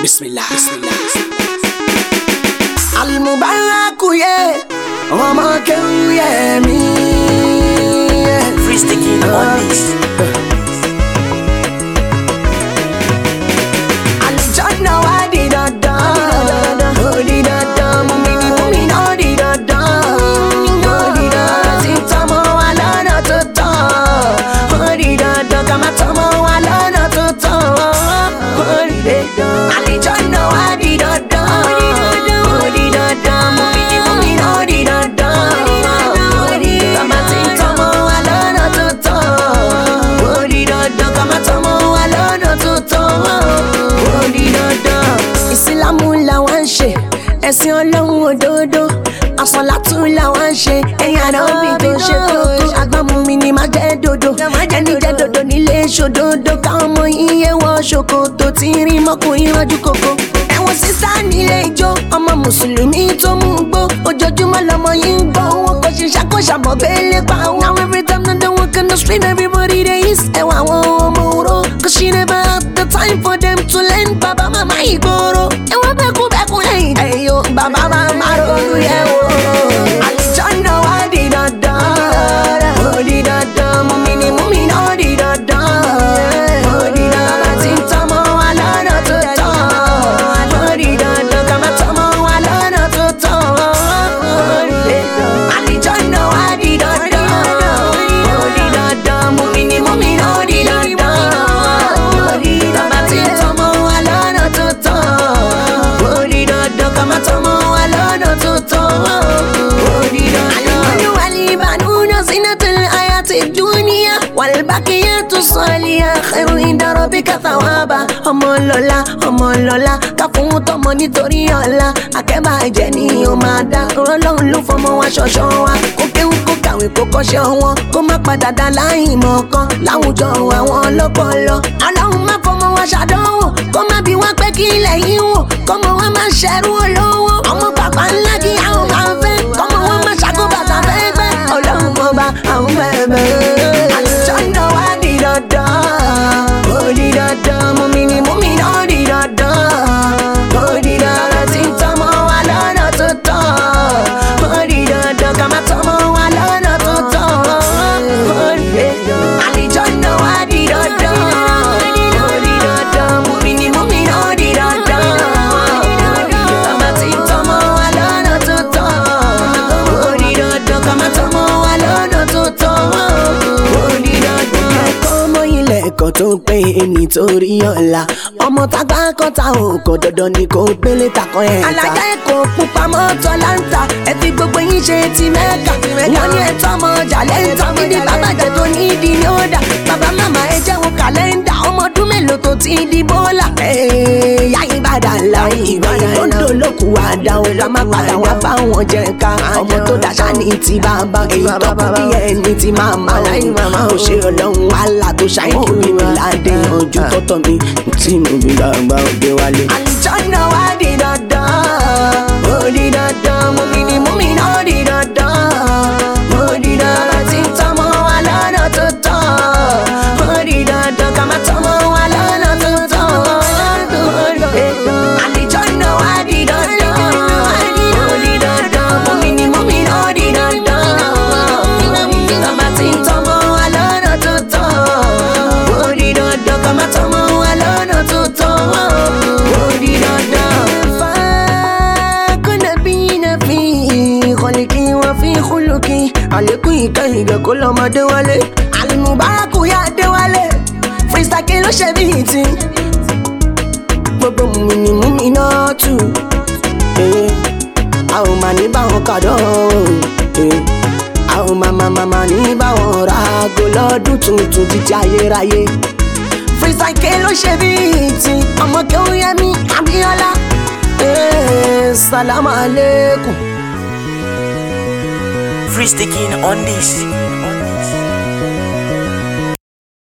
Bismillah, Bismillah. al Mubarak, yeah. Mama, can you me? ṣe kókó mi ni má jẹ́ dodo ẹni jẹ́ dodo nílé ṣòdodo káwọn ọmọ iye wọ ṣòkòtò tí rí mọ́kùnrin rọ́jú kókó ẹ̀wọ̀n sísá nílé ijó ọmọ mùsùlùmí tó mú gbó ojoojúmọ́ lọmọ yìí ń gbọ́ owó kò ṣe ṣàkóṣàmọ́ bẹ́ẹ̀lẹ̀ pa àwọn. now every time na the work on the street everybody dey is ẹ̀wọ̀n àwọn ọmọ òró kò ṣì never have the time for them to learn baba mama ìgboro. sọ́ọ̀lìyà ẹ̀rù ìdọ̀rọ̀ bí kàtà wọn bá ọmọ lọ́la ọmọ lọ́la ká fún tọmọ nítorí ọ̀la àkẹ́bà ẹ̀jẹ̀ ni ó máa dá ọlọ́run ló fọmọ wa ṣọ̀ṣọ́ wa kó kéwú kó kàwé kó kọ́ṣẹ́ wọn kó má padà dá láì mọ̀ kan láwùjọ àwọn ọlọ́pọlọ ọlọ́run má fọmọ wa ṣàdánwò kó má bí wọn pé kí ilẹ̀ yìí wò kọ́mọ wa má ṣẹ́rú olówó ọmọ ẹ̀kọ́ tó pé nítorí ọ̀la ọmọ tágbá kọ́ta ò kò dandan ni kò gbélé takọ ẹ̀ ta. alájà ẹ̀kọ́ pupa mọ́tò láǹtà ẹ fi gbogbo yín ṣe ti mẹ́ka wọ́n ní ẹ̀tọ́ ọmọ ọjà lẹ́ńtà níbi bàbá jẹ tó ní ìdí yóò dà bàbá màmá ẹ jẹ́wọ́ kàlẹ́ńdà ọmọ ọdún mélòó tó ti di bọ́ọ̀là. ẹ̀ẹ́d olókù àdáwọn èrò máa padà wá bá wọn jẹ ká ọmọ tó dàṣà ní ti bàbá èyí tó kú bí ẹni ti máa má ò ṣe ọlọ́run wàhálà tó ṣàyẹ̀kí mi ládé yanjú tọ́tọ̀ mi tí mo fi gbàgbà òde wálé. fi kúlùkì àlékún ìkẹyìn kó lọ́mọ déwálé àlùmù bárakù yá déwálé fìsàkì ló ṣe bí ìtì gbogbo mùmìnì mùmìnà tù eh, a ò mà ní báwọn kàdọ́ eh, a ò mà mà mà mà ní báwọn ràgò lọ́dún tuntun jíjẹ ayérayé fìsàkì ló ṣe bí ìtì ọmọ kẹwìyẹmí Abíọ́lá eh, salamu aleykum. free sticking on this.